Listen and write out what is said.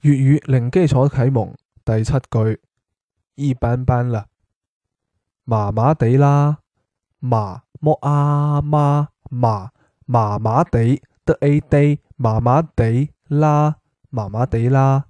粵語零基礎啟蒙第七句，一般般啦，麻麻地啦，麻木啊媽，媽麻麻麻地，得一啲，麻麻地啦，麻麻地啦。